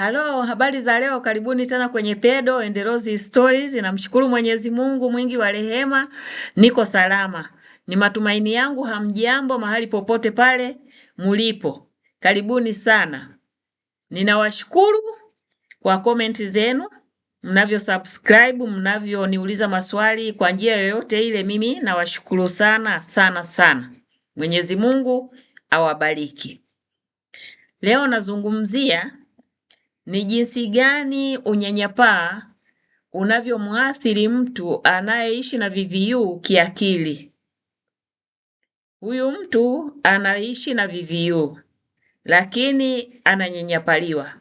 Halo, habari za leo, karibuni tena kwenye Pedo Rose Stories. Namshukuru Mwenyezi Mungu mwingi wa rehema, niko salama. Ni matumaini yangu hamjambo mahali popote pale mulipo, karibuni sana. Ninawashukuru kwa komenti zenu, mnavyo subscribe, mnavyoniuliza maswali kwa njia yoyote ile, mimi nawashukuru sana sana sana. Mwenyezi Mungu awabariki. Leo nazungumzia ni jinsi gani unyanyapaa unavyomwathiri mtu anayeishi na VVU kiakili. Huyu mtu anaishi na VVU lakini ananyanyapaliwa.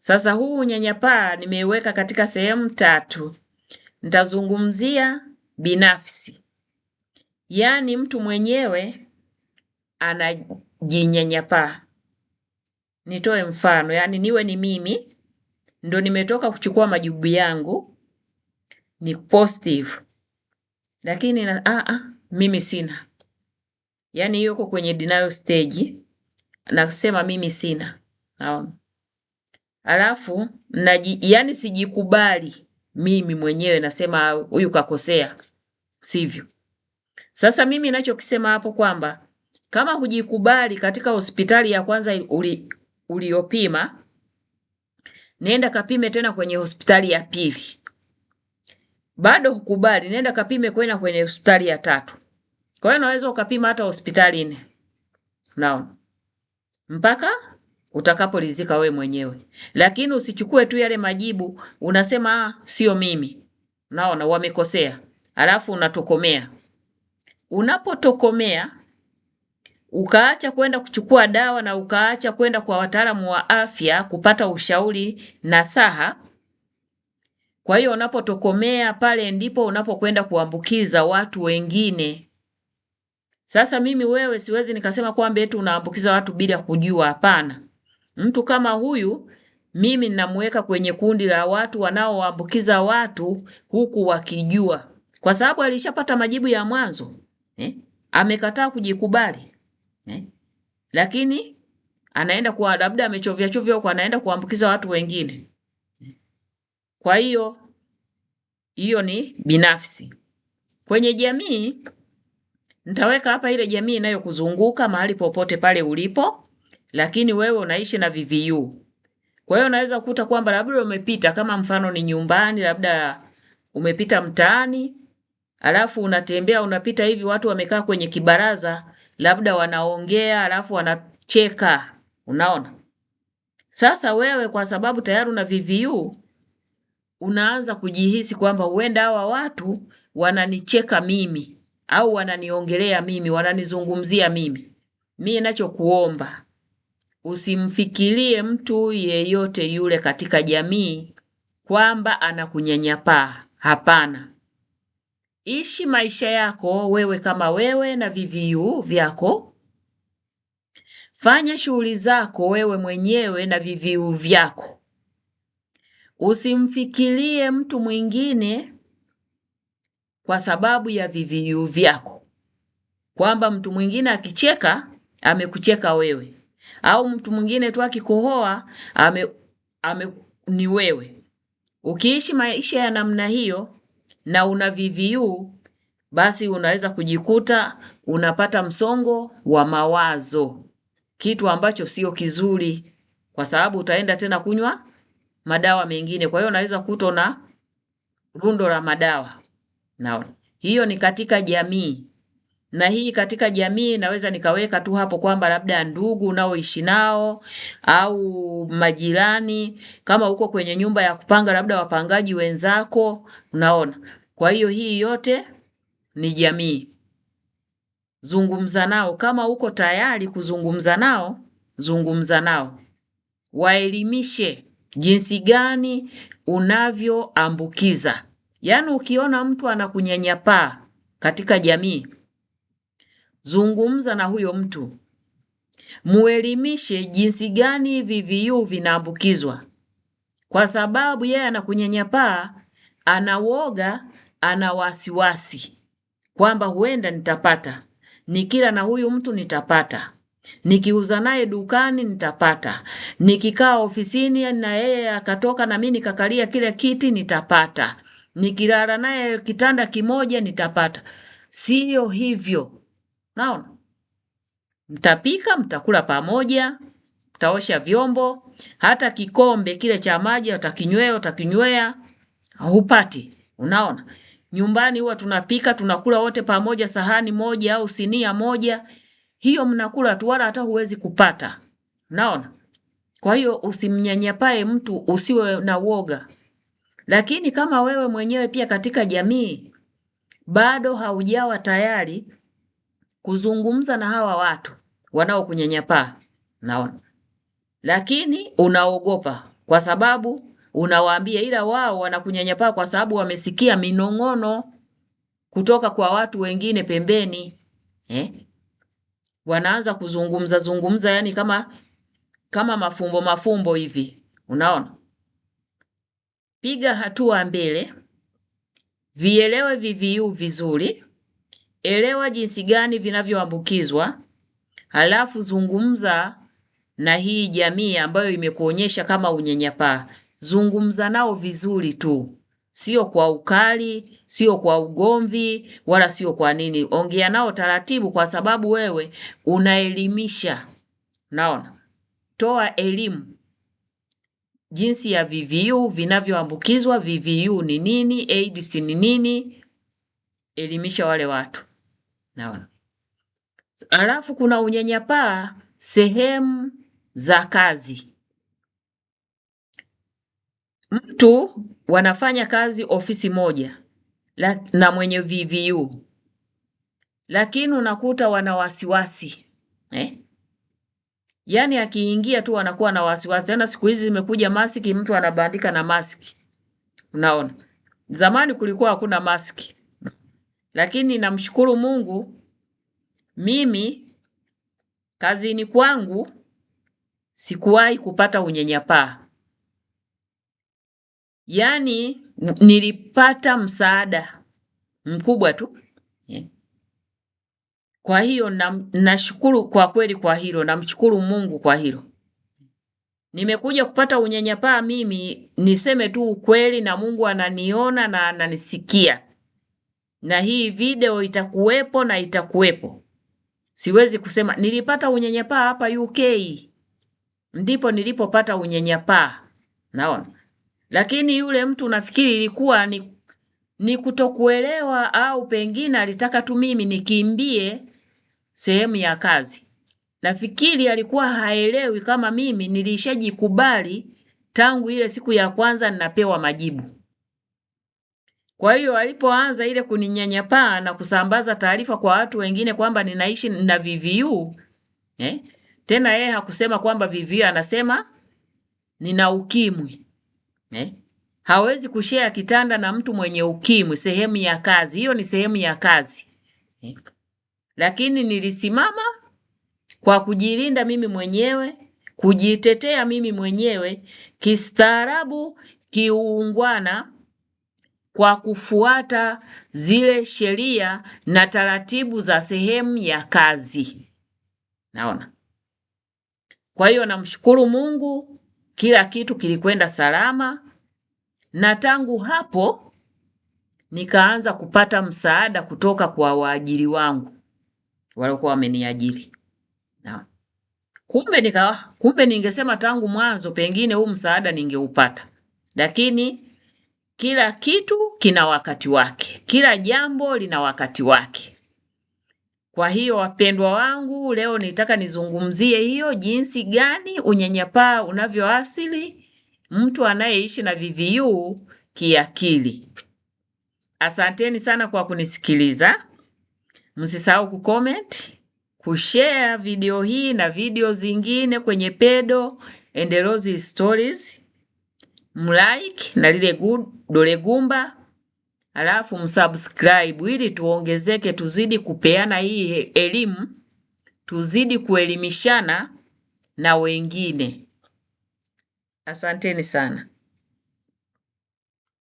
Sasa huu unyanyapaa nimeiweka katika sehemu tatu. Nitazungumzia binafsi, yaani mtu mwenyewe anajinyanyapaa. Nitoe mfano, yani niwe ni mimi ndo nimetoka kuchukua majibu yangu ni positive, lakini na, a, ah, a, ah, mimi sina, yani yuko kwenye denial stage, nasema mimi sina. Naona alafu na, yani sijikubali mimi mwenyewe, nasema huyu kakosea, sivyo? Sasa mimi ninachokisema hapo kwamba kama hujikubali katika hospitali ya kwanza uli, uliopima, nenda kapime tena kwenye hospitali ya pili. Bado hukubali, nenda kapime kwenda kwenye hospitali ya tatu. Kwa hiyo unaweza ukapima hata hospitali nne, naona mpaka utakapolizika we mwenyewe, lakini usichukue tu yale majibu unasema ah, sio mimi, naona wamekosea, alafu unatokomea. Unapotokomea ukaacha kwenda kuchukua dawa na ukaacha kwenda kwa wataalamu wa afya kupata ushauri saha Kwa hiyo unapotokomea pale ndipo unapokwenda kuambukiza watu wengine. Sasa mimi wewe, siwezi nikasema kwamba eti unaambukiza watu bila kujua. Hapana, mtu kama huyu mimi ninamweka kwenye kundi la watu wanaoambukiza watu huku wakijua, kwa sababu alishapata majibu ya mwanzo eh? Amekataa kujikubali. Eh? Lakini anaenda kwa labda amechovya chovya huko, anaenda kuambukiza watu wengine. Kwa hiyo hiyo ni binafsi. Kwenye jamii nitaweka hapa ile jamii inayokuzunguka mahali popote pale ulipo, lakini wewe unaishi na VVU. Kwa hiyo unaweza kukuta kwamba labda umepita kama mfano ni nyumbani, labda umepita mtaani, alafu unatembea unapita hivi, watu wamekaa kwenye kibaraza, labda wanaongea alafu wanacheka. Unaona? Sasa wewe kwa sababu tayari una VVU unaanza kujihisi kwamba huenda hawa watu wananicheka mimi au wananiongelea mimi, wananizungumzia mimi. Mimi ninachokuomba usimfikirie mtu yeyote yule katika jamii kwamba anakunyanyapaa. Hapana. Ishi maisha yako wewe kama wewe na viviu vyako. Fanya shughuli zako wewe mwenyewe na viviu vyako. Usimfikirie mtu mwingine kwa sababu ya viviu vyako, kwamba mtu mwingine akicheka amekucheka wewe, au mtu mwingine tu akikohoa ame, ame, ni wewe. Ukiishi maisha ya namna hiyo na una VVU, basi unaweza kujikuta unapata msongo wa mawazo, kitu ambacho sio kizuri, kwa sababu utaenda tena kunywa madawa mengine. Kwa hiyo unaweza kuto na rundo la madawa. Naona hiyo ni katika jamii na hii katika jamii naweza nikaweka tu hapo kwamba labda ndugu unaoishi nao au majirani, kama uko kwenye nyumba ya kupanga, labda wapangaji wenzako, unaona. Kwa hiyo hii yote ni jamii. Zungumza nao kama uko tayari kuzungumza nao, zungumza nao, waelimishe jinsi gani unavyoambukiza. Yaani ukiona mtu anakunyanyapaa katika jamii zungumza na huyo mtu, muelimishe jinsi gani VVU vinaambukizwa, kwa sababu yeye anakunyanyapaa, anawoga ana wasiwasi kwamba huenda nitapata, nikila na huyu mtu nitapata nikiuza naye dukani nitapata, nikikaa ofisini na yeye akatoka na mimi nikakalia kile kiti nitapata, nikilala naye kitanda kimoja nitapata. Siyo hivyo, naona Mtapika, mtakula pamoja, mtaosha vyombo, hata kikombe kile cha maji utakinywea, utakinywea, hupati. Unaona? Nyumbani huwa tunapika, tunakula wote pamoja, sahani moja au sinia moja. Hiyo mnakula tu, wala hata huwezi kupata. naona Kwa hiyo usimnyanyapae mtu, usiwe na woga. Lakini kama wewe mwenyewe pia katika jamii bado haujawa tayari kuzungumza na hawa watu wanaokunyanyapaa, naona lakini unaogopa kwa sababu unawaambia, ila wao wanakunyanyapaa kwa sababu wamesikia minong'ono kutoka kwa watu wengine pembeni eh? Wanaanza kuzungumza zungumza, yani kama kama mafumbo mafumbo hivi, unaona. Piga hatua mbele, vielewe VVU vizuri elewa jinsi gani vinavyoambukizwa, halafu zungumza na hii jamii ambayo imekuonyesha kama unyanyapaa. Zungumza nao vizuri tu, sio kwa ukali, sio kwa ugomvi, wala sio kwa nini. Ongea nao taratibu, kwa sababu wewe unaelimisha. Naona, toa elimu jinsi ya VVU vinavyoambukizwa, VVU ni nini, AIDS ni nini. Elimisha wale watu. Naona. Alafu kuna unyanyapaa sehemu za kazi. Mtu wanafanya kazi ofisi moja na mwenye VVU, lakini unakuta wana wasiwasi eh? Yaani akiingia tu wanakuwa na wasiwasi. Tena yaani siku hizi zimekuja maski, mtu anabandika na maski. Unaona, zamani kulikuwa hakuna maski. Lakini namshukuru Mungu, mimi kazini kwangu sikuwahi kupata unyanyapaa, yaani nilipata msaada mkubwa tu. Eh. Kwa hiyo na, nashukuru kwa kweli kwa hilo, namshukuru Mungu kwa hilo. Nimekuja kupata unyanyapaa mimi, niseme tu ukweli, na Mungu ananiona na ananisikia na hii video itakuwepo na itakuwepo. Siwezi kusema nilipata unyanyapaa hapa UK, ndipo nilipopata unyanyapaa. Naona, lakini yule mtu nafikiri ilikuwa ni, ni kutokuelewa au pengine alitaka tu mimi nikimbie sehemu ya kazi. Nafikiri alikuwa haelewi kama mimi nilishajikubali tangu ile siku ya kwanza ninapewa majibu. Kwa hiyo alipoanza ile kuninyanyapaa na kusambaza taarifa kwa watu wengine kwamba ninaishi na VVU eh? Tena yeye hakusema kwamba VVU, anasema nina ukimwi eh? Hawezi kushea kitanda na mtu mwenye ukimwi sehemu ya kazi, hiyo ni sehemu ya kazi eh? Lakini nilisimama kwa kujilinda mimi mwenyewe, kujitetea mimi mwenyewe kistaarabu, kiuungwana kwa kufuata zile sheria na taratibu za sehemu ya kazi. Naona. Kwa hiyo namshukuru Mungu, kila kitu kilikwenda salama, na tangu hapo nikaanza kupata msaada kutoka kwa waajiri wangu waliokuwa wameniajiri. Naona. Kumbe nika, kumbe ningesema tangu mwanzo, pengine huu msaada ningeupata, lakini kila kitu kina wakati wake, kila jambo lina wakati wake. Kwa hiyo wapendwa wangu, leo nitaka nizungumzie hiyo, jinsi gani unyanyapaa unavyoasili mtu anayeishi na VVU kiakili. Asanteni sana kwa kunisikiliza. Msisahau kucomment, kushare video hii na video zingine kwenye pedo Endelozi stories mlike na lile dole gumba alafu msubscribe ili tuongezeke, tuzidi kupeana hii elimu, tuzidi kuelimishana na wengine. Asanteni sana.